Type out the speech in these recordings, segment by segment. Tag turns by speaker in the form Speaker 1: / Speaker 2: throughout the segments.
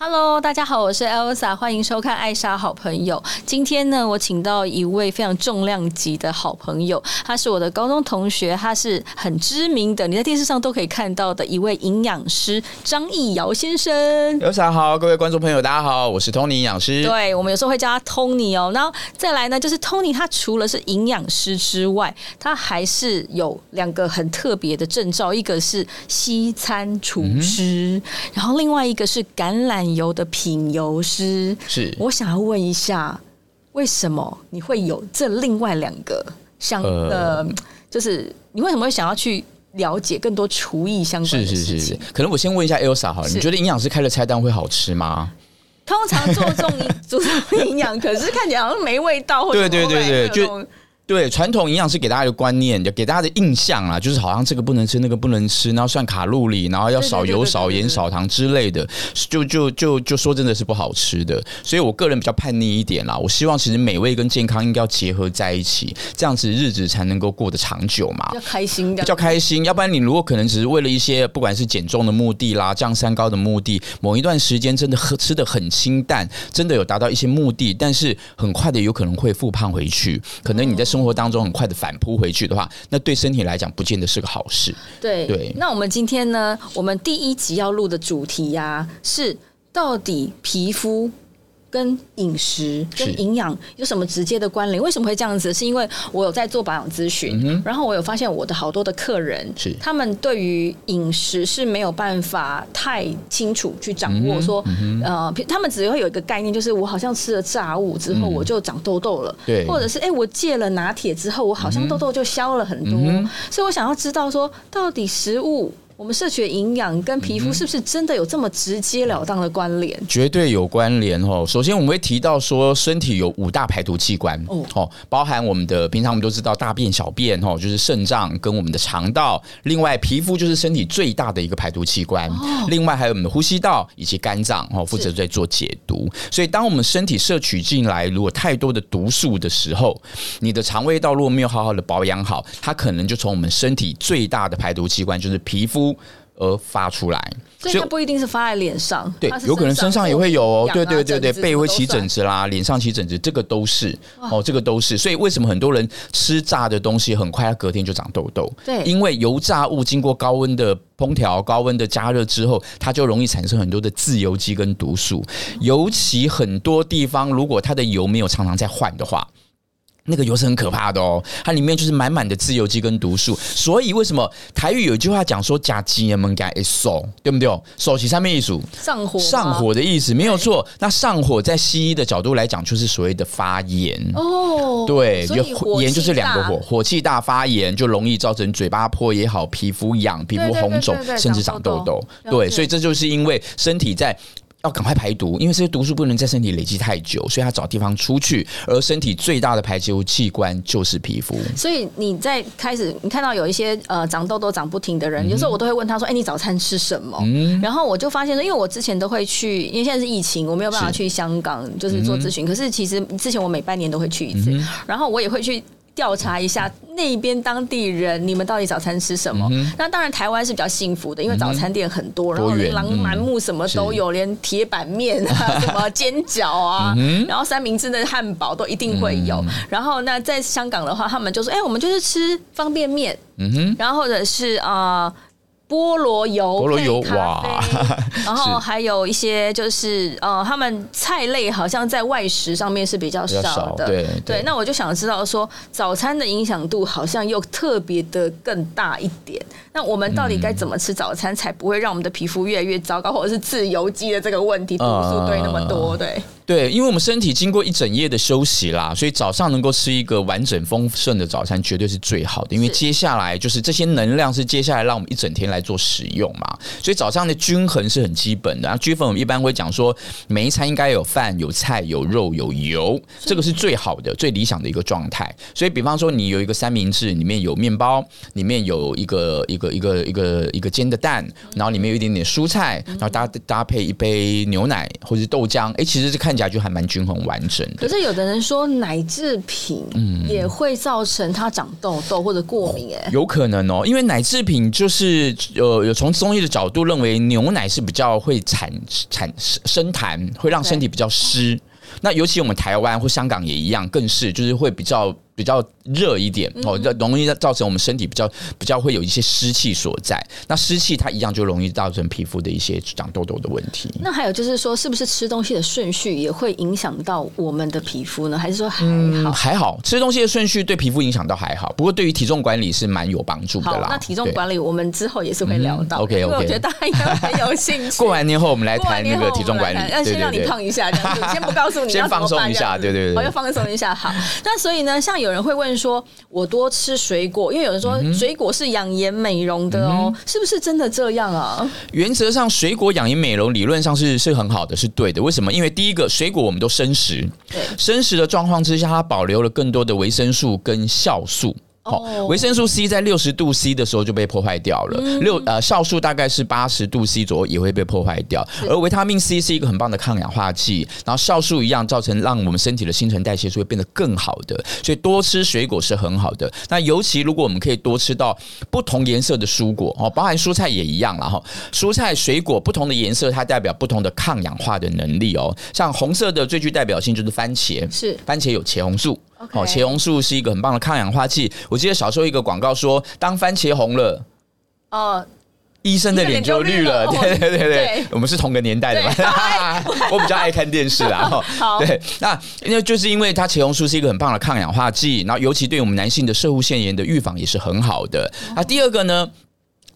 Speaker 1: Hello，大家好，我是 Elsa，歡迎收看《艾莎好朋友》。今天呢，我請到一位非常重量級的好朋友，他是我的高中同學，他是很知名的，你在電視上都可以看到的一位營養師張藝堯先生。Elsa
Speaker 2: 好，各位觀眾朋友，大家好，我是 Tony 營養師。對，
Speaker 1: 我們有時候會叫他 Tony 哦。那再來呢，就是 Tony，他除了是營養師之外，他還是有兩個很特別的證照，一個是西餐廚師，嗯、然後另外一個是橄欖。油的品油師是，我想要問一下，為什麼你會有這另外兩個相呃，呃，就是你為什麼會想要去了解更多廚藝相關？
Speaker 2: 是是是是。可能我先問一下 Elsa 好，了，是你覺得營養師開的菜單會好吃嗎？通
Speaker 1: 常注重注重營養， 可是看起來好像沒味道，或者對，對，對，對，對，對，來各就
Speaker 2: 對，傳統營養是給大家一個觀念，就給大家的印象啊，就是好像這個不能吃，那個不能吃，然後算卡路里，然後要少油、少鹽、少糖之類的，就就就就說真的是不好吃的。所以我個人比較叛逆一點啦，我希望其實美味跟健康應該要結合在一起，這樣子日子才能夠過得長久嘛，
Speaker 1: 要開心的，比較開
Speaker 2: 心。要不然你如果可能只是為了一些不管是減重的目的啦、降三高的目的，某一段時間真的喝吃得很清淡，真的有達到一些目的，但是很快的有可能會復胖回去，可能你在生、哦。生活當中很快的反撲回去的話，那對身體來講不見得是個好事。
Speaker 1: 對對，那我們今天呢，我們第一集要錄的主題呀、啊，是到底皮膚。跟飲食跟營養有什麼直接的關聯？是為什麼會這樣子？是因為我有在做保養諮詢，嗯、哼然後我有發現我的好多的客人，是他們對於飲食是沒有辦法太清楚去掌握，嗯、哼說呃，他們只會有一個概念，就是我好像吃了炸物之後，我就長痘痘了，嗯、或者是哎、欸，我戒了拿鐵之後，我好像痘痘就消了很多，嗯嗯、所以我想要知道說，到底食物，我們攝取的營養跟皮膚是不是真的有這麼直接了當的關聯？嗯嗯、
Speaker 2: 絕對有關聯哦。首先，我們會提到說，身體有五大排毒器官，哦，包含我們的平常我們都知道大便、小便，哦，就是腎臟跟我們的腸道。另外，皮膚就是身體最大的一個排毒器官。另外，還有我們的呼吸道以及肝臟，哦，負責在做解毒。所以，當我們身體攝取進來如果太多的毒素的時候，你的腸胃道如果沒有好好的保養好，它可能就從我們身體最大的排毒器官，就是皮膚。而發出來，所以它不
Speaker 1: 一定是發在臉上，對，有可能身上也會有哦。啊、對對對對，背會起疹
Speaker 2: 子啦，臉上起疹子，這個都是哇哦，這個都是。所以為什麼很多人吃炸的東西，很快要隔天就長痘痘？對，因為油炸物經過高溫的烹調、高溫的加熱之後，它就容易產生很多的自由基跟毒素。尤其很多地方，如果它的油沒有常常在換的話。那個油是很可怕的哦，它裡面就是滿滿的自由基跟毒素，所以為什麼台語有一句話講說“甲基胺梗該燒”，對不對？燒起上面一組，
Speaker 1: 上火上火
Speaker 2: 的意思對沒有錯。那上火在西醫的角度來講，就是所謂的發炎哦。對，就炎就是兩個火，火氣，火氣大發炎就容易造成嘴巴破也好，皮膚癢、皮膚紅腫，甚至長痘痘。解對，所以這就是因為身體在。要趕快排毒，因為這些毒素不能在身體累積太久，所以他找地方出去。而身體最大的排泄物器官就是皮膚。
Speaker 1: 所以你在開始，你看到有一些呃長痘痘長不停的人，有時候我都會問他說：“哎、欸，你早餐吃什麼？”嗯、然後我就發現說，因為我之前都會去，因為現在是疫情，我沒有辦法去香港就是做諮詢。是嗯、可是其實之前我每半年都會去一次，嗯、哼然後我也會去。調查一下那邊當地人，你們到底早餐吃什麼？嗯、哼那當然台灣是比較幸福的，因為早餐店很多，然後琳琅滿目，嗯、什麼都有，連鐵板麵啊，什麼煎餃啊，然後三明治、那漢堡都一定會有。嗯、哼然後那在香港的話，他們就說：“哎、欸，我們就是吃方便麵，嗯、哼然後或者是啊。呃”菠蘿油、咖啡，菠蘿油哇，然後還有一些就是，是呃，他們菜類好像在外食上面是比較少的。少對，對，對，那我就想知道說，早餐的影響度好像又特別的更大一點。那我們到底該怎麼吃早餐，才不會讓我們的皮膚越來越糟糕，或者是自由基的這個問題毒素堆那麼多？嗯、對。
Speaker 2: 對，因為我們身體經過一整夜的休息啦，所以早上能夠吃一個完整豐盛的早餐，絕對是最好的。因為接下來就是這些能量是接下來讓我們一整天來做使用嘛。所以早上的均衡是很基本的。啊均衡我們一般會講說，每一餐應該有飯、有菜、有肉、有油，以這個是最好的、最理想的一個狀態。所以，比方說你有一個三明治，裡面有麵包，裡面有一個一個一個一個一個煎的蛋，然後裡面有一點點蔬菜，然後搭搭配一杯牛奶或者是豆漿。哎，其實是看。家就還蠻均衡完整的，
Speaker 1: 可是有的人說奶製品也會造成他長痘痘或者過敏，嗯，
Speaker 2: 有可能哦，因為奶製品就是呃，有從中醫的角度認為牛奶是比較會產產生痰，會讓身體比較濕，對那尤其我們台灣或香港也一樣，更是就是會比較。比較熱一點哦，就容易造成我們身體比較比較會有一些濕氣所在。那濕氣它一樣就容易造成皮膚的一些長痘痘的問題。
Speaker 1: 那還有就是說，是不是吃東西的順序也會影響到我們的皮膚呢？還是說
Speaker 2: 還好？嗯、還好，吃東西的順序對皮膚影響倒還好。不過對於體重管理是蠻有幫助的啦。那體重管
Speaker 1: 理對我們之後也是會聊到。嗯、OK OK，我覺得大家應該
Speaker 2: 很有興趣。 過完年後我們來談那個體重管理，那先讓你胖一下這樣子，
Speaker 1: 先不告訴你，先放鬆一下，對對對，對，我要放鬆一下。好，那 所以呢，像有。有人會問說：“我多吃水果，因為有人說水果是養顏美容的哦，嗯、哼是不是真的這樣啊？”
Speaker 2: 原則上，水果養顏美容，理論上是是很好的，是對的。為什麼？因為第一個，水果我們都生食，對生食的狀況之下，它保留了更多的維生素跟酵素。維、哦、生素 C 在六十度 C 的時候就被破壞掉了。六、嗯、呃，酵素大概是八十度 C 左右也會被破壞掉。是而維他命 C 是一個很棒的抗氧化劑，然後酵素一樣造成讓我們身體的新陳代謝是會變得更好的。所以多吃水果是很好的。那尤其如果我們可以多吃到不同顏色的蔬果哦，包含蔬菜也一樣了哈。蔬菜、水果不同的顏色，它代表不同的抗氧化的能力哦。像紅色的最具代表性就是番茄，是番茄有茄紅素。好，茄 Okay、哦、紅素是一個很棒的抗氧化劑。我記得小時候一個廣告說，當番茄紅了，哦，uh, 醫生的臉就綠了。對、呃、對對對，對我們是同個年代的，嘛。
Speaker 1: 對 我比較愛看電視啦。 好，對，
Speaker 2: 那那就是因為它茄紅素是一個很棒的抗氧化劑，然後尤其對我們男性的攝護腺炎的預防也是很好的。Wow 那第二個呢？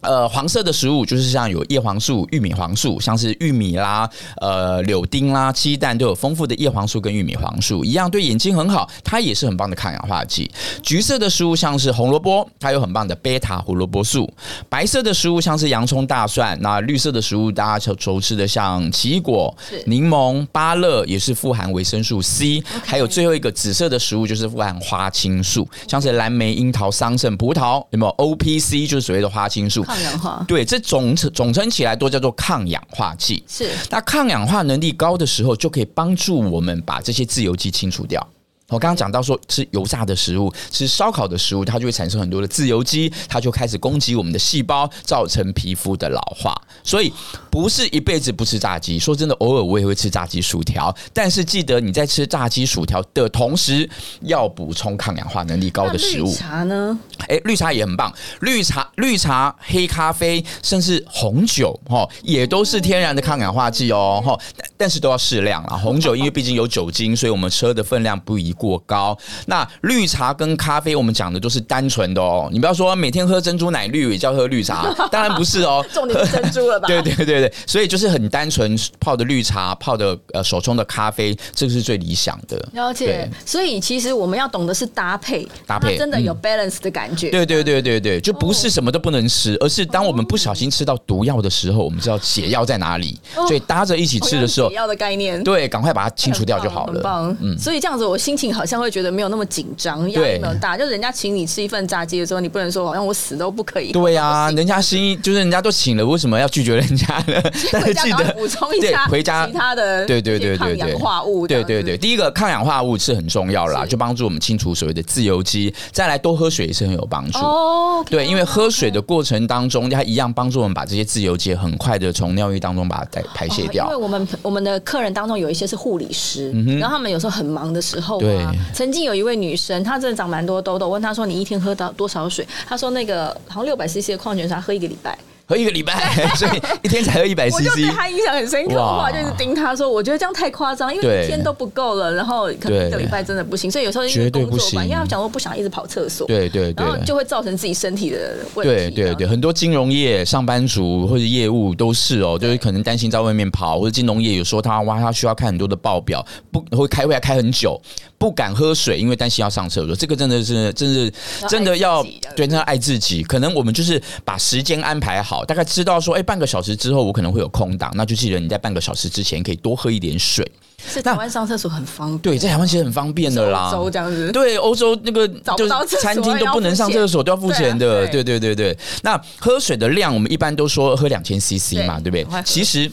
Speaker 2: 呃，黃色的食物就是像有葉黃素、玉米黃素，像是玉米啦、呃，柳丁啦、雞蛋都有豐富的葉黃素跟玉米黃素一樣，對眼睛很好。它也是很棒的抗氧化劑。橘色的食物像是紅蘿蔔，它有很棒的貝塔胡蘿蔔素。白色的食物像是洋蔥、大蒜，那綠色的食物大家常吃的像奇異果、檸是檬、芭樂，也是富含維生素 C Okay。還有最後一個紫色的食物就是富含花青素，像是藍莓、櫻桃、桑葚、葡萄，有沒有？O P C 就是所謂的花青素。抗氧化，對，這總稱總稱起來都叫做抗氧化劑。是，那抗氧化能力高的時候，就可以幫助我們把這些自由基清除掉。我剛剛講到說，吃油炸的食物，吃燒烤的食物，它就會產生很多的自由基，它就開始攻擊我們的細胞，造成皮膚的老化。所以不是一輩子不吃炸雞，說真的，偶爾我也會吃炸雞、薯條，但是記得你在吃炸雞、薯條的同時，要補充抗氧化能力高的食物。綠茶呢？哎、欸，綠茶也很棒，綠茶、綠茶、黑咖啡，甚至紅酒，哈、哦，也都是天然的抗氧化劑哦，哦，但是都要適量啊。紅酒因為畢竟有酒精，所以我們喝的分量不宜。過高。那綠茶跟咖啡，我們講的都是單純的哦。你不要說每天喝珍珠奶綠也叫喝綠茶，當然不是哦，重點
Speaker 1: 是珍珠了吧？
Speaker 2: 對對對對，所以就是很單純泡的綠茶，泡的呃手沖的咖啡，這個是最理想的。了解。
Speaker 1: 對所以其實我們要懂的是搭配，搭配真的有 balance 的感覺。對、嗯、
Speaker 2: 對對對對，就不是什麼都不能吃，哦、而是當我們不小心吃到毒藥的時候，我們知道解藥在哪裡，哦、所以搭着一起吃的時候，哦、解
Speaker 1: 藥的概念，對，
Speaker 2: 趕快把它清除掉就好了。欸、
Speaker 1: 棒棒嗯，所以這樣子我心情。好像會覺得沒有那麼緊張，壓力沒有大，對就人家請你吃一份炸雞的時候，你不能說好像我死都不可以。對
Speaker 2: 呀、啊，人家心意 就是人家都請了，為什麼要拒絕人家呢？回
Speaker 1: 家補充一下，回家其他
Speaker 2: 的，對對對對對，抗氧化物，對，對對對，第一個抗氧化物是很重要的啦，是就幫助我們清除所謂的自由基。再來多喝水也是很有幫助哦，oh,
Speaker 1: okay, 對，
Speaker 2: 因為喝水的過程當中，它一樣幫助我們把這些自由基很快的從尿液當中把它排排泄掉、哦。因
Speaker 1: 為我們我們的客人當中有一些是護理師，然後他們有時候很忙的時候。嗯哼對對，曾經有一位女生，她真的長蠻多痘痘，問她說：“你一天喝到多少水？”她說：“那個好像六百 CC 的礦泉水，她喝一個禮拜。”
Speaker 2: 喝一個禮拜，對 所以一天才喝一百 cc。我就對他
Speaker 1: 印象很深刻，哇！就是盯他說，哇 我覺得這樣太誇張，因為一天都不夠了，然後可能一個禮拜真的不行。所以有時候對絕對不行，因為講說不想一直跑廁所。對
Speaker 2: 對對，然後就會
Speaker 1: 造成自己身體的問題。對
Speaker 2: 對對，對，很多金融業上班族或者業務都是哦、喔，就是可能擔心在外面跑，或者金融業有時候他哇，他需要看很多的報表，不，會開會要開很久，不敢喝水，因為擔心要上廁所。這個真的是，真是真的，真，的真的要對，要愛自己。可能我們就是把時間安排好。大概知道說，哎、欸，半個小時之後我可能會有空檔，那就記得你在半個小時之前可以多喝一點水。
Speaker 1: 在台灣上廁所很方便，對，在台灣
Speaker 2: 其實很方便的啦。歐洲
Speaker 1: 這樣子，對，歐洲那個就是餐廳都不能上廁所，都要付錢的。對、啊、
Speaker 2: 對，對對對，那喝水的量，我們一般都說喝兩千 CC 嘛，對對不對？其實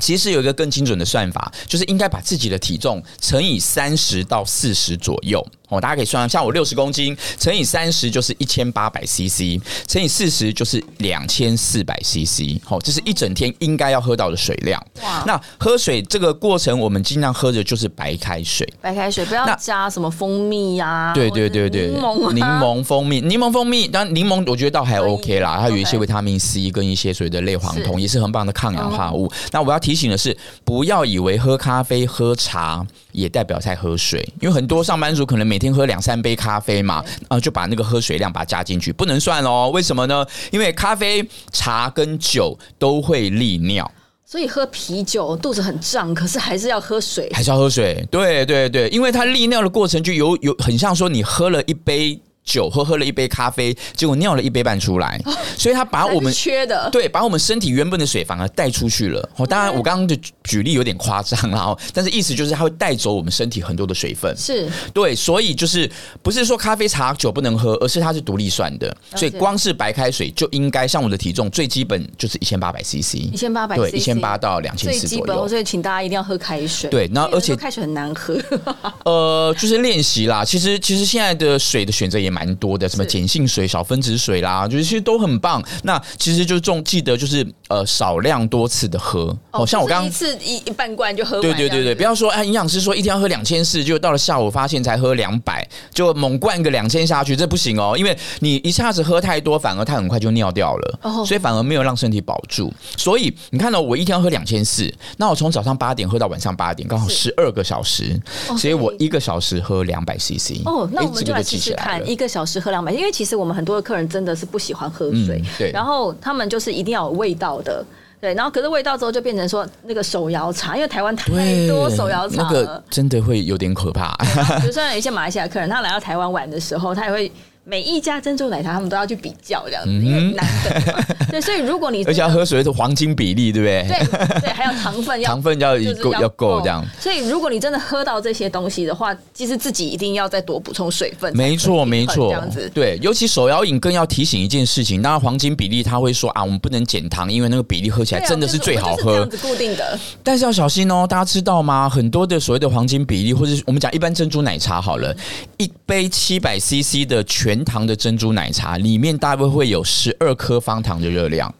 Speaker 2: 其實有一個更精準的算法，就是應該把自己的體重乘以三十到四十左右。哦，大家可以算一下，像我六十公斤乘以三十就是一千八百 CC，乘以四十就是兩千四百 CC。好，這是一整天應該要喝到的水量。哇那喝水這個過程，我們盡量喝的就是白開水，
Speaker 1: 白開水不要那加什麼蜂蜜呀、啊。對
Speaker 2: 對對對，檸檬、啊、檸檬蜂蜜，檸檬蜂蜜。但檸檬我覺得倒還 OK 啦，可以它有一些維他命 C 跟一些所謂的類黃酮，是也是很棒的抗氧化物。嗯、那我要提醒的是，不要以為喝咖啡、喝茶也代表在喝水，因為很多上班族可能每天每天喝兩三杯咖啡嘛，啊，就把那個喝水量把它加進去，不能算哦。為什麼呢？因為咖啡、茶跟酒都會利尿，
Speaker 1: 所以喝啤酒肚子很脹，可是還是要喝水，
Speaker 2: 還是要喝水。對對對，因為它利尿的過程就有有很像說你喝了一杯。酒喝喝了一杯咖啡，結果尿了一杯半出來，
Speaker 1: 哦，所以他把我
Speaker 2: 們缺的對，把我們身體原本的水反而帶出去了。哦，當然我剛剛的舉例有點誇張了哦，Okay. 但是意思就是他會帶走我們身體很多的水分。是，對，所以就是不是說咖啡茶酒不能喝，而是它是獨立算的。是所以光是白開水就應該像我的體重最基本就是一千八百 cc，一千
Speaker 1: 八百對，一千
Speaker 2: 八到兩千四左右。
Speaker 1: 所以請大家一定要喝開水。對，那而且開水很難喝。
Speaker 2: 呃，就是練習啦。其實其實現在的水的選擇也蠻。蠻多的，什麼鹼性水、小分子水啦，是就是其實都很棒。那其實就重記得就是呃，少量多次的喝，哦，像我剛剛一
Speaker 1: 次一一半罐就喝完。對對對，對,對，不
Speaker 2: 要說哎，啊、營養師說一天要喝兩千四，就到了下午發現才喝兩百，就猛灌個兩千下去，這不行哦，因為你一下子喝太多，反而它很快就尿掉了，哦、所以反而沒有讓身體保住。所以你看到、哦、我一天要喝兩千四，那我從早上八點喝到晚上八點，剛好十二個小時，是所以我一個小時喝兩百 CC。哦，欸、那我們就來試試看，欸、這個就記起來了。
Speaker 1: 一個小時喝兩百，因為其實我們很多的客人真的是不喜歡喝水，嗯、然後他們就是一定要有味道的，對，然後可是味道之後就變成說那個手搖茶，因為台灣太多手搖茶、啊，那個
Speaker 2: 真的會有點可怕、啊。比如
Speaker 1: 說有一些馬來西亞客人，他來到台灣玩的時候，他也會。每一家珍珠奶茶，他們都要去比較這樣
Speaker 2: 嗯哼，難喝。
Speaker 1: 對，所以如果你而且
Speaker 2: 要喝水的黃金比例，對不對？對對，還
Speaker 1: 有糖分要糖分
Speaker 2: 要夠要夠這樣、
Speaker 1: 哦。所以如果你真的喝到這些東西的話，其實自己一定要再多補充水分。沒錯沒錯，這樣
Speaker 2: 子對。尤其手搖飲更要提醒一件事情，那黃金比例他會說啊，我們不能減糖，因為那個比例喝起來真的是最好喝，啊就是、這樣子固定的。但是要小心哦，大家知道嗎？很多的所謂的黃金比例，或者是我們講一般珍珠奶茶好了，一杯七百 CC 的全糖的珍珠奶茶裡面大概會有十二顆方糖的熱量，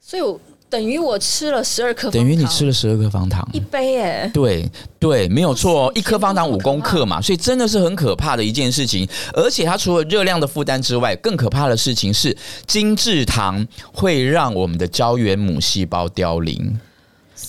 Speaker 1: 所以我等於我吃了十二顆，等於你
Speaker 2: 吃了十二顆方
Speaker 1: 糖一杯誒。
Speaker 2: 對對，沒有錯，一顆方糖五公克嘛，所以真的是很可怕的一件事情。而且它除了熱量的負擔之外，更可怕的事情是，精制糖會讓我們的膠原母細胞凋零。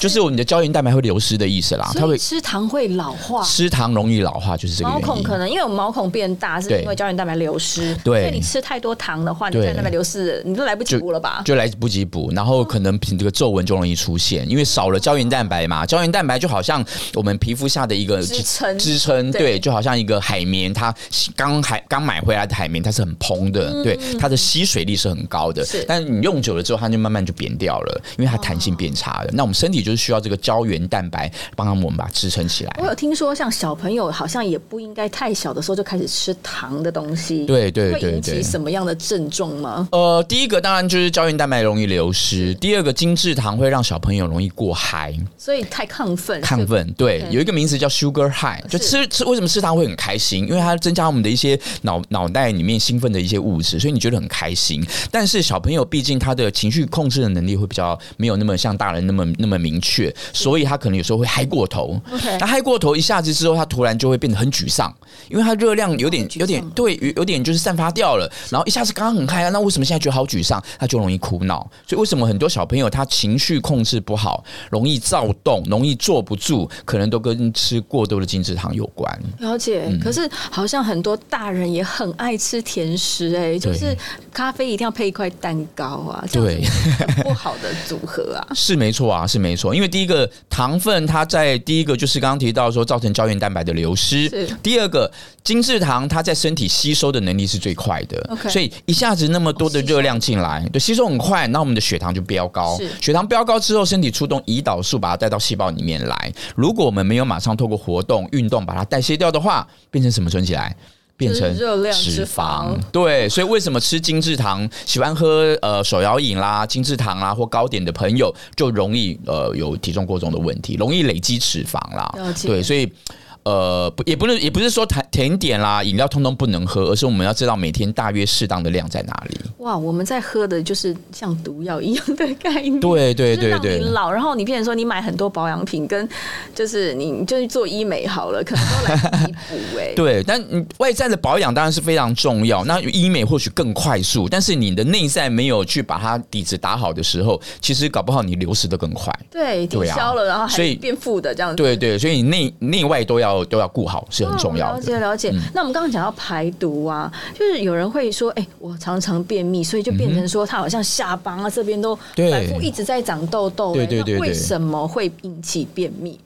Speaker 2: 就是我們的膠原蛋白會流失的意思啦，它會
Speaker 1: 吃糖會老化，吃
Speaker 2: 糖容易老化就是這個原因。毛孔可
Speaker 1: 能因為我們毛孔變大是因為膠原蛋白流失，對因為你吃太多糖的話，你膠原蛋白流失，對你都來不及補了吧？就、就來
Speaker 2: 不及補，然後可能這個皺紋就容易出現，因為少了膠原蛋白嘛。膠原蛋白就好像我們皮膚下的一個支撐支撐對，對就好像一個海綿，它剛還剛買回來的海綿，它是很蓬的，嗯嗯嗯對，它的吸水力是很高的，是但是你用久了之後，它就慢慢就扁掉了，因為它彈性變差了。哦、那我們身體就就是需要這個膠原蛋白幫他們,我們把它支撐起來。我
Speaker 1: 有聽說，像小朋友好像也不應該太小的時候就開始吃糖的東西。對對對對，會引起什麼樣的症狀嗎？
Speaker 2: 呃，第一個當然就是膠原蛋白容易流失。是第二個，精致糖會讓小朋友容易過嗨，
Speaker 1: 所以太亢奮。亢
Speaker 2: 奮，對，Okay. 有一個名詞叫 sugar high，就吃吃是為什麼吃糖會很開心？因為它增加我們的一些腦腦袋裡面興奮的一些物質，所以你覺得很開心。但是小朋友畢竟他的情緒控制的能力會比較沒有那麼像大人那麼那麼明。明確，所以他可能有時候會嗨過頭，那嗨 Okay 過頭一下子之後，他突然就會變得很沮喪，因為他熱量有點、oh, 有點對，有點就是散發掉了，的然後一下子剛剛很嗨啊，那為什麼現在覺得好沮喪？他就容易哭鬧。所以為什麼很多小朋友他情緒控制不好，容易躁動，容易坐不住，可能都跟吃過多的精制糖有關。
Speaker 1: 了解，嗯、可是好像很多大人也很愛吃甜食，欸，哎，就是咖啡一定要配一塊蛋糕啊，對，這樣有沒有不好的組合啊？
Speaker 2: 是沒錯啊，是沒錯。因為第一個糖分它在第一個就是剛剛提到說，造成膠原蛋白的流失，是第二個精制糖它在身體吸收的能力是最快的，Okay 所以一下子那麼多的熱量進來，哦吸，對，吸收很快，那我們的血糖就飆高，是血糖飆高之後，身體出動胰島素把它帶到細胞裡面來，如果我們沒有馬上透過活動運動把它代謝掉的話，變成什麼存起來？變成脂肪，對，所以為什麼吃精致糖，喜歡喝呃手搖飲啦，精致糖啊或糕點的朋友，就容易呃有體重過重的問題，容易累積脂肪啦。對，所以。呃，不，也不是，也不是說甜甜點啦，飲料通通不能喝，而是我們要知道每天大約適當的量在哪裡。
Speaker 1: 哇，我們在喝的就是像毒藥一樣的概念，對對，對對對，讓你老，然後你變成說你買很多保養品跟，跟就是你就去、是、做醫美好了，可能都
Speaker 2: 來彌補、欸。對，但你外在的保養當然是非常重要。那醫美或許更快速，但是你的內在沒有去把它底子打好的時候，其實搞不好你流失的更快。
Speaker 1: 對，抵消了，啊、然後還可以變負的這樣子。對，
Speaker 2: 對對，所以你內內外都要。都要顧好是很重要的。了解、
Speaker 1: 哦、了解。了解，嗯、那我們剛剛講到排毒啊，就是有人會說，哎、欸，我常常便秘，所以就變成說，他好像下巴啊這邊都反覆一直在長痘痘，欸。對對對，對，為什麼會引起便秘？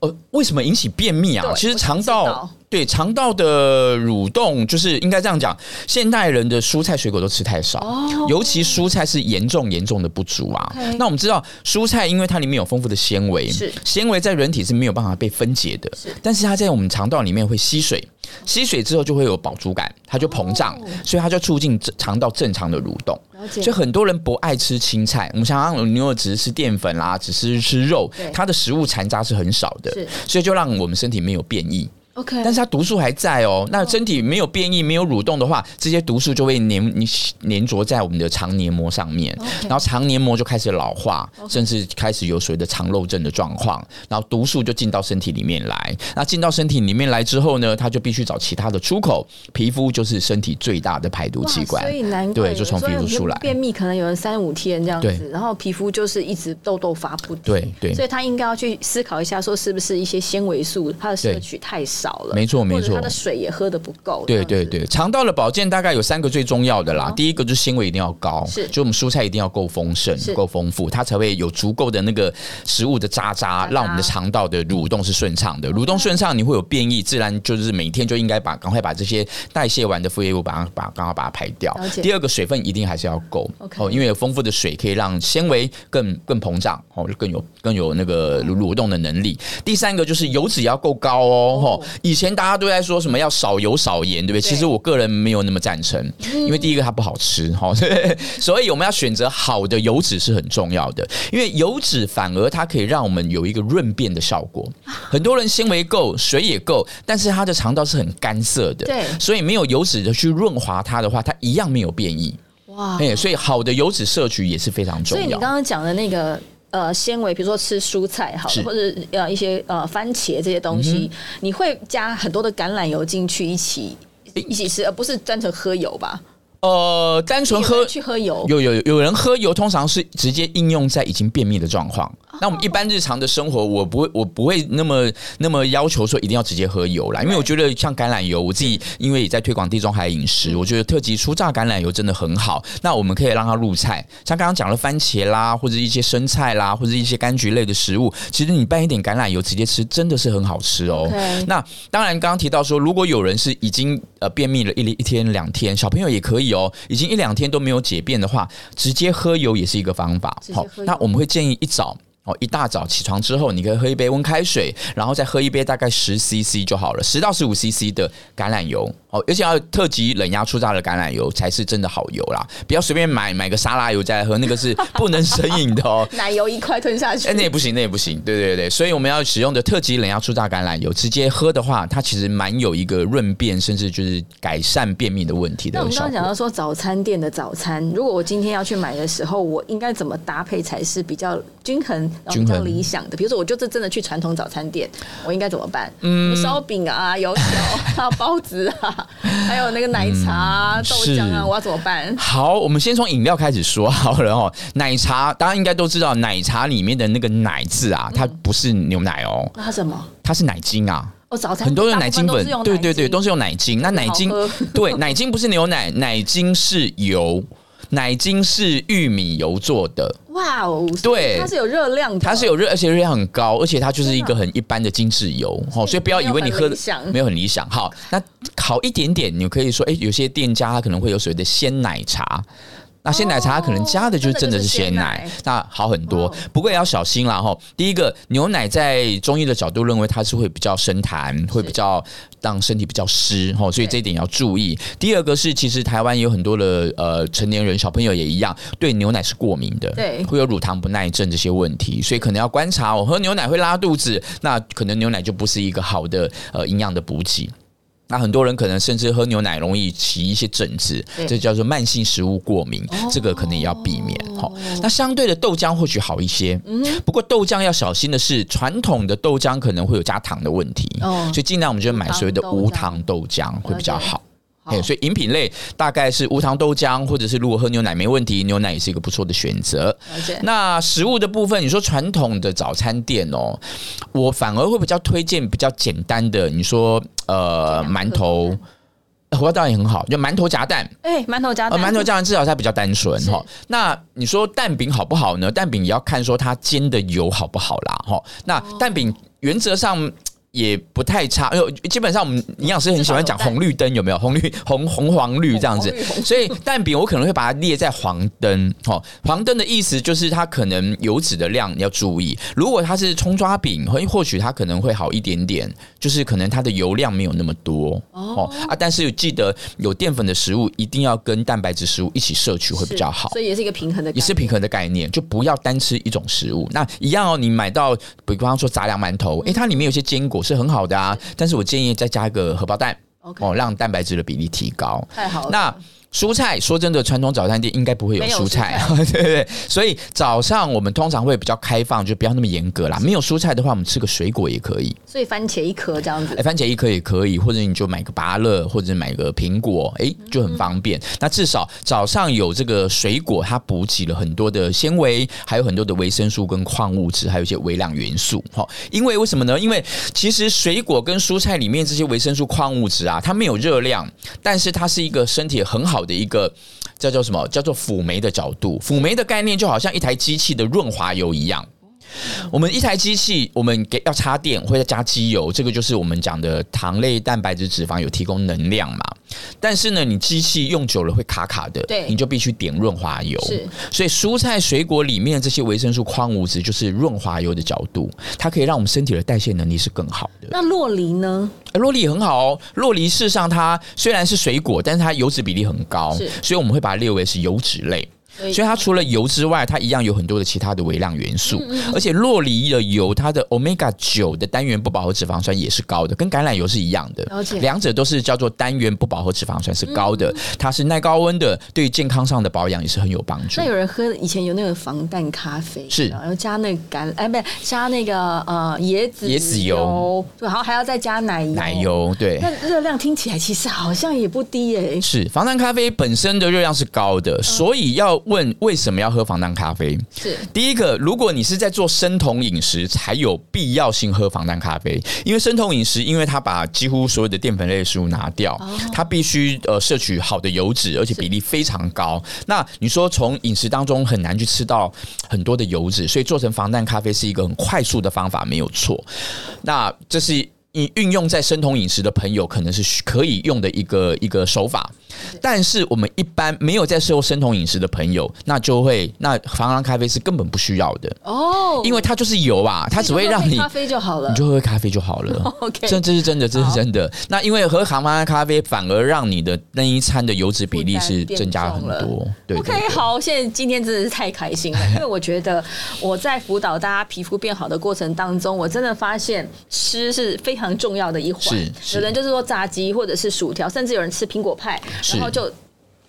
Speaker 2: 呃，為什麼引起便秘啊？對，其實腸道。對腸道的蠕動，就是應該這樣講。現代人的蔬菜水果都吃太少，oh, okay. 尤其蔬菜是嚴重嚴重的不足啊。Okay. 那我們知道，蔬菜因為它裡面有豐富的纖維，纖維是在人體是沒有辦法被分解的，是但是它在我們腸道裡面會吸水，吸水之後就會有飽足感，它就膨脹，oh. 所以它就促進腸道正常的蠕動。所以很多人不愛吃青菜，我們想要牛肉只是吃澱粉啦，只是吃肉，對它的食物殘渣是很少的，是所以就讓我們身體沒有變異。OK，但是它毒素還在哦。那身體沒有變異、oh. 沒有蠕動的話，這些毒素就會黏、你黏着在我們的腸黏膜上面，Okay. 然後腸黏膜就開始老化，Okay. 甚至開始有所謂的腸漏症的狀況。然後毒素就進到身體裡面來。那進到身體裡面來之後呢，它就必須找其他的出口。皮膚就是身體最大的排毒器官，所以難怪對，就從皮膚出來。便
Speaker 1: 秘可能有人三五天這樣子，對然後皮膚就是一直痘痘發不停。對對，對所以他應該要去思考一下，說是不是一些纖維素它的攝取太少。對少了，沒錯沒錯，他的水也喝得不夠。對
Speaker 2: 對對，腸道的保健大概有三個最重要的啦。第一個就是纖維一定要高，是就我們蔬菜一定要夠豐盛，夠豐富，它才會有足夠的那個食物的渣渣，讓我們的腸道的蠕動是順暢的。蠕動順暢，你會有便意，自然就是每天就應該把趕快把這些代謝完的廢物把它把趕快把它排掉。第二個水分一定還是要夠哦，因為有豐富的水可以讓纖維更更膨脹哦，就更有更有那個蠕蠕動的能力。第三個就是油脂要夠高哦，以前大家都在說什麼要少油少鹽，對不對？對，其實我個人沒有那麼贊成，因為第一個它不好吃哈，嗯、 所以我們要選擇好的油脂是很重要的。因為油脂反而它可以讓我們有一個潤便的效果。很多人纖維夠，水也夠，但是他的腸道是很乾澀的，對，所以沒有油脂的去潤滑它的話，它一樣沒有便意。哇 Wow、欸，所以好的油脂攝取也是非常重要。所以你剛
Speaker 1: 剛講的那個。呃，纖維，比如說吃蔬菜好，好是或者呃一些呃番茄這些東西，嗯、哼你會加很多的橄欖油進去一起一起吃，而、呃、不是單純喝油吧？呃，單純喝去喝油
Speaker 2: 有有有人喝油，通常是直接應用在已經便秘的狀況。哦。那我們一般日常的生活，我不會我不會那麼那麼要求說一定要直接喝油啦，因為我覺得像橄欖油，我自己因為也在推廣地中海飲食，對我覺得特級初榨橄欖油真的很好。那我們可以讓它入菜，像剛剛講了番茄啦，或者一些生菜啦，或者一些柑橘類的食物。其實你拌一點橄欖油直接吃，真的是很好吃哦。Okay 那當然，剛剛提到說，如果有人是已經呃便秘了一一天兩天，小朋友也可以。油已經一兩天都沒有解便的話，直接喝油也是一個方法。好，那我們會建議一早。一大早起床之後，你可以喝一杯溫開水，然後再喝一杯大概十 CC 就好了，十到十五 CC 的橄欖油哦，而且要特級冷壓初榨的橄欖油才是真的好油啦，不要隨便買買個沙拉油再來喝，那個是不能生飲的哦。 奶
Speaker 1: 油一塊吞下去，哎、欸，那也
Speaker 2: 不行，那也不行，對對對。所以我們要使用的特級冷壓初榨橄欖油，直接喝的話，它其實蠻有一個潤便，甚至就是改善便秘的問題的。那我們剛剛講
Speaker 1: 到說早餐店的早餐，如果我今天要去買的時候，我應該怎麼搭配才是比較均衡？然後比較理想的，比如說，我就這真的去傳統早餐店，我應該怎麼辦？嗯，燒餅啊，油條啊，包子啊，還有那個奶茶、豆漿，我要怎麼辦？
Speaker 2: 好，我們先從飲料開始說好了哈。奶茶，大家應該都知道，奶茶裡面的那個奶字啊，它不是牛奶哦，它什麼？它是奶精啊。
Speaker 1: 哦，早餐很多的奶精粉，對
Speaker 2: 對對，都是用奶精。那奶精對，奶精不是牛奶，奶精是油。奶精是玉米油做的，
Speaker 1: wow，的，哇哦，對，它是有熱量的，它是
Speaker 2: 有熱，而且熱量很高，而且它就是一個很一般的精制油，哦的，所以，所以不要以為你喝的沒有很理想，好，那好一點點，你可以說，哎、欸，有些店家他可能會有所謂的鮮奶茶。那鮮奶茶，它可能加的就是真的是鮮奶，哦、奶那好很多。不過也要小心啦，吼，第一個，牛奶在中醫的角度認為它是會比較生痰，是會比較讓身體比較濕，吼，所以這一點要注意。對第二個是，其實台灣有很多的呃成年人、小朋友也一樣對牛奶是過敏的，對會有乳糖不耐症這些問題，所以可能要觀察我喝牛奶會拉肚子，那可能牛奶就不是一個好的呃營養的補給。那很多人可能甚至喝牛奶容易起一些疹子，對這叫做慢性食物過敏，哦、這個可能也要避免哈。哦、那相對的豆漿或許好一些，嗯、不過豆漿要小心的是，傳統的豆漿可能會有加糖的問題，哦、所以盡量我們就買所謂的無糖豆漿會比較好。哦所以飲品類大概是無糖豆漿，或者是如果喝牛奶沒問題，牛奶也是一個不錯的選擇。了解 那食物的部分，你說傳統的早餐店哦，喔，我反而會比較推薦比較簡單的，你說呃饅頭，胡椒也很好，就饅頭夾蛋。哎，
Speaker 1: 饅頭夾饅、呃、頭夾
Speaker 2: 完至少它比較單純哈。那你說蛋餅好不好呢？蛋餅也要看說它煎的油好不好啦哈，喔。那蛋餅原則上。也不太差，哎呦，基本上我們營養師很喜歡講紅綠燈有沒有？紅綠紅紅黃綠這樣子，紅綠紅綠，所以蛋餅我可能會把它列在黃燈，哦，黃燈的意思就是它可能油脂的量你要注意。如果它是蔥抓餅，或或許它可能會好一點點，就是可能它的油量沒有那麼多哦啊，但是記得有澱粉的食物一定要跟蛋白質食物一起攝取會比較好，所以也
Speaker 1: 是一個平衡的概念，也
Speaker 2: 是平衡的概念，就不要單吃一種食物。那一樣哦，你買到比方說雜糧饅頭，哎、欸，它裡面有些堅果。是很好的啊，但是我建議再加一個荷包蛋。Okay 哦，讓蛋白質的比例提高。太好了。那。蔬菜說真的，傳統早餐店應該不會有蔬菜，蔬菜 對對對。所以早上我們通常會比較開放，就不要那麼嚴格啦。沒有蔬菜的話，我們吃個水果也可以。
Speaker 1: 所以番茄一顆這樣子，欸、番
Speaker 2: 茄一顆也可以，或者你就買個芭樂，或者買個蘋果，誒、欸，就很方便。嗯嗯。那至少早上有這個水果，它補給了很多的纖維，還有很多的維生素跟礦物質，還有一些微量元素。哈，因為為什麼呢？因為其實水果跟蔬菜裡面這些維生素、礦物質啊，它沒有熱量，但是它是一個身體很好的一個叫做什麼？叫做輔酶的角度，輔酶的概念就好像一台機器的潤滑油一樣。我們一台機器，我們給要插電，或者加機油，這個就是我們講的糖類、蛋白質、脂肪有提供能量嘛。但是呢，你機器用久了會卡卡的，對，你就必須點潤滑油。是所以蔬菜、水果裡面這些維生素、礦物質就是潤滑油的角度，它可以讓我們身體的代謝能力是更好
Speaker 1: 的。那酪梨呢？
Speaker 2: 欸、酪梨很好哦。酪梨事實上它雖然是水果，但是它油脂比例很高，是所以我們會把它列為是油脂類。對所以它除了油之外，它一樣有很多的其他的微量元素，嗯嗯，而且酪梨的油，它的 omega 九的單元不飽和脂肪酸也是高的，跟橄欖油是一樣的，解兩者都是叫做單元不飽和脂肪酸是高的，嗯、它是耐高溫的，對於健康上的保養也是很有幫
Speaker 1: 助。那有人喝，以前有那個防彈咖啡，是，然後加那個橄，哎不，不加那個呃椰子椰子油，椰子油，對，然後還要再加奶油，奶油，對，那熱量聽起來其實好像也不低，哎、
Speaker 2: 欸，是防彈咖啡本身的熱量是高的，嗯、所以要。問為什麼要喝防彈咖啡？是第一個，如果你是在做生酮飲食，才有必要性喝防彈咖啡，因為生酮飲食，因為它把幾乎所有的澱粉類食物拿掉，哦、它必須呃攝取好的油脂，而且比例非常高。是那你說從飲食當中很難去吃到很多的油脂，所以做成防彈咖啡是一個很快速的方法，沒有錯。那這是。你運用在生酮飲食的朋友可能是可以用的一個一個手法，是但是我們一般沒有在受生酮飲食的朋友，那就會那防彈咖啡是根本不需要的哦，因為它就是油啊，它只會讓你咖啡
Speaker 1: 就好了，你就喝
Speaker 2: 咖啡就好了。好了哦、OK，這是真的，這是真的。好那因為喝防彈咖啡反而讓你的那一餐的油脂比例是增加了很多。對，對，對。OK，好，
Speaker 1: 現在今天真的是太開心了， 因為我覺得我在輔導大家皮膚變好的過程當中，我真的發現吃是非非常重要的一環，有人就是說炸雞或者是薯條，甚至有人吃蘋果派，然後就。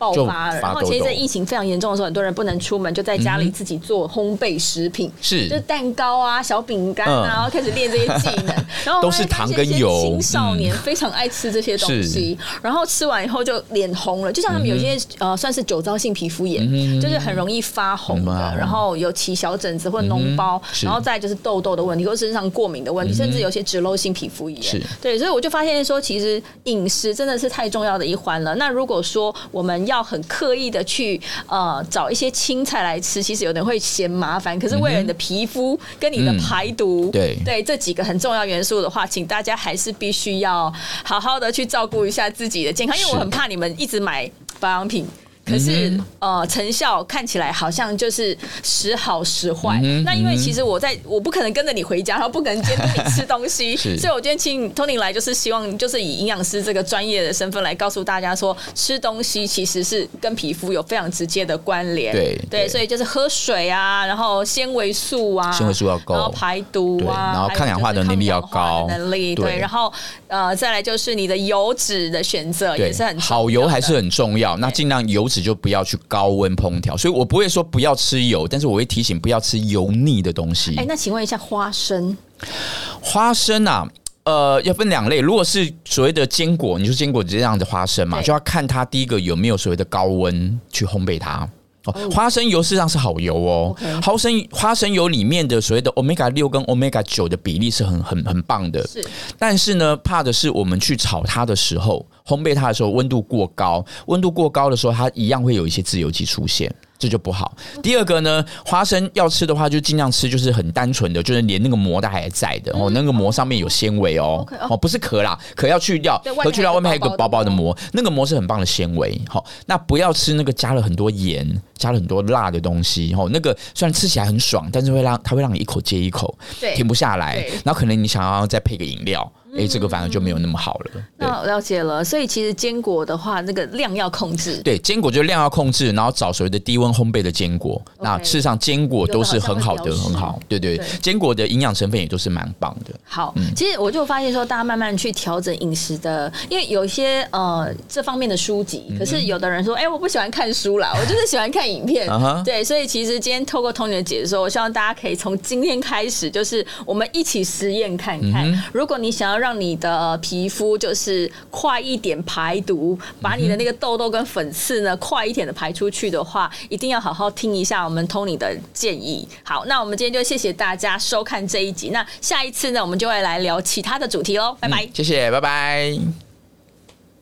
Speaker 1: 爆發了。然後，其實在疫情非常嚴重的時候，很多人不能出門，就在家裡自己做烘焙食品，是就蛋糕啊、小餅乾啊，開始練這些技能。然後都是糖跟油。青少年非常愛吃這些東西，然後吃完以後就臉紅了，就像他們有些呃，算是酒糟性皮膚炎，就是很容易發紅的。然後有起小疹子或膿包，然後再就是痘痘的問題，或是身上過敏的問題，甚至有些脂漏性皮膚炎。是，對，所以我就發現說，其實飲食真的是太重要的一環了。那如果說我們要要很刻意的去呃找一些青菜來吃，其實有點會嫌麻煩。可是為了你的皮膚跟你的排毒，嗯嗯、對對這幾個很重要元素的話，請大家還是必須要好好的去照顧一下自己的健康，因為我很怕你們一直買保養品。可是呃，成效看起來好像就是時好時壞。那因為其實我在我不可能跟着你回家，然後不可能監督你吃東西，所以我今天請 Tony 來，就是希望就是以營養師這個專業的身份來告訴大家說，吃東西其實是跟皮膚有非常直接的關聯。對對，所以就是喝水啊，然後纖維素啊，纖維素要高，然後排毒啊，然後抗氧化
Speaker 2: 的能力要高，能力對。然後
Speaker 1: 呃，再來就是你的油脂的選擇也是很
Speaker 2: 好油，還是很重要，那儘量油脂，就不要去高溫烹調，所以我不會說不要吃油，但是我會提醒不要吃油膩的東西。欸，
Speaker 1: 那請問一下花生，花生
Speaker 2: 啊，呃，要分兩類，如果是所謂的堅果，你說堅果直接這樣子花生嘛，對就要看它第一個有沒有所謂的高溫去烘焙它。哦、花生油實際上是好油哦，Okay 花生花生油裡面的所謂的歐米伽六跟歐米伽九的比例是很很很棒的，是但是呢，怕的是我們去炒它的時候，烘焙它的時候，溫度過高，溫度過高的時候，它一樣會有一些自由基出現。這就不好。第二個呢，花生要吃的話，就盡量吃，就是很單純的，就是連那個膜都還在的哦。嗯、那個膜上面有纖維哦，哦, okay, 哦，哦不是殼啦，殼要去掉，殼去掉，外面還有個薄薄的膜，的膜那個膜是很棒的纖維。好、哦，那不要吃那個加了很多鹽、加了很多辣的東西。哦，那個雖然吃起來很爽，但是會讓它會讓你一口接一口停對不下來。對然後可能你想要再配個飲料。哎，這個反而就沒有那麼好了。
Speaker 1: 那我了解了，所以其實堅果的話，那個量要控制。
Speaker 2: 對，堅果就量要控制，然後找所謂的低溫烘焙的堅果。Okay, 那事實上，堅果都是很好的，的好很好。對對，對堅果的營養成分也都是蠻棒的。
Speaker 1: 好，嗯、其實我就發現說，大家慢慢去調整飲食的，因為有些呃這方面的書籍。可是有的人說，哎、嗯嗯欸，我不喜歡看書啦，我就是喜歡看影片。 對，所以其實今天透過 Tony 的解說，我希望大家可以從今天開始，就是我們一起實驗看看，嗯嗯如果你想要。讓你的皮膚就是快一點排毒，把你的那個痘痘跟粉刺呢、嗯哼，快一點的排出去的話，一定要好好聽一下我們 Tony 的建議。好，那我們今天就謝謝大家收看這一集。那下一次呢，我們就會來聊其他的主題嘍。嗯、拜拜，
Speaker 2: 謝謝，拜拜。